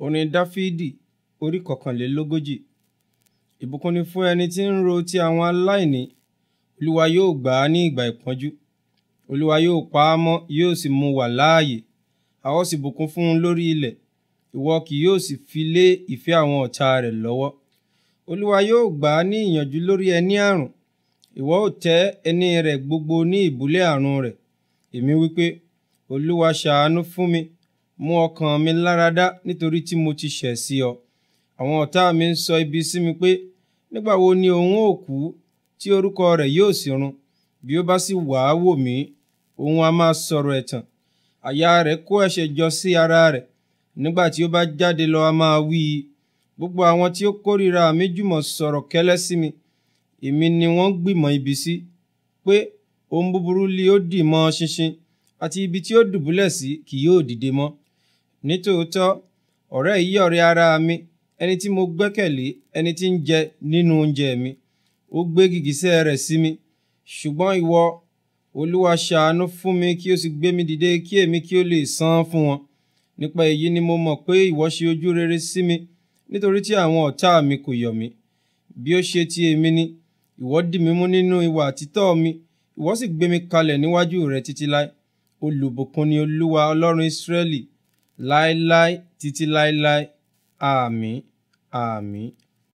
orin dáfídì orí kọkànlélógójì ìbùkún ni fún ẹni tí ń ro ti àwọn aláìní olúwa yóò gbà á ní ìgbà ìpọ́njú olúwa yóò pa á mọ́ yóò sì mú wà láàyè a ó sì bùkún fún un lórí ilẹ̀ ìwọ kì yóò sì fi lé ìfẹ́ àwọn ọ̀tá rẹ̀ lọ́wọ́ olúwa yóò gbà á ní ìyànjú lórí ẹni àrùn ìwọ ó tẹ́ ẹní rẹ̀ gbogbo ní ìbúlẹ̀ àrùn rẹ̀ èmi wípé olúwa ṣàánú fún mi mú ọkàn mi láradá nítorí tí mo ti ṣẹ̀ sí ọ àwọn ọ̀tá mi ń sọ ibi sí mi pé nígbà wo ni òun ó kú tí orúkọ rẹ̀ yóò sì run bí ó bá sì wàá wò mí òun a máa sọ̀rọ̀ ẹ̀tàn àyà rẹ̀ kó ẹ̀ṣẹ̀ jọ sí ara rẹ̀ nígbà tí ó bá jáde lọ a máa wí i gbogbo àwọn tí ó kórìíra mi jùmọ̀ sọ̀rọ̀ kẹ́lẹ́ sí mi èmi ni wọ́n gbìmọ̀ ibi sí pé ohun búburú li ó dì mọ́ ṣinṣin àti ibi tí ó dùbúlẹ̀ sí kì yóò dìde mọ́ nítòótọ́ ọ̀rẹ́ yìí ọ̀rẹ́ ara mi ẹni tí mo gbẹ́kẹ̀lé ẹni tí ń jẹ nínú oúnjẹ mi ó gbé gìgísẹ̀ rẹ̀ sí mi ṣùgbọ́n ìwọ olúwa ṣàánú fún mi kí o sì gbé mi dìde kí èmi kí o lè san fún wọn nípa èyí ni mo mọ̀ pé ìwọ ṣe ojú rere sí mi nítorí tí àwọn ọ̀tá mi kò yọ̀ mí bí ó ṣe ti èmi ni ìwọ dì mí mú nínú ìwà títọ́ mi ìwọ sì gbé mi kalẹ̀ níwájú rẹ títí láé olùbùkún ni olúwa ọlọ́run ìsírẹ́lì láéláé títí láéláé àmín àmín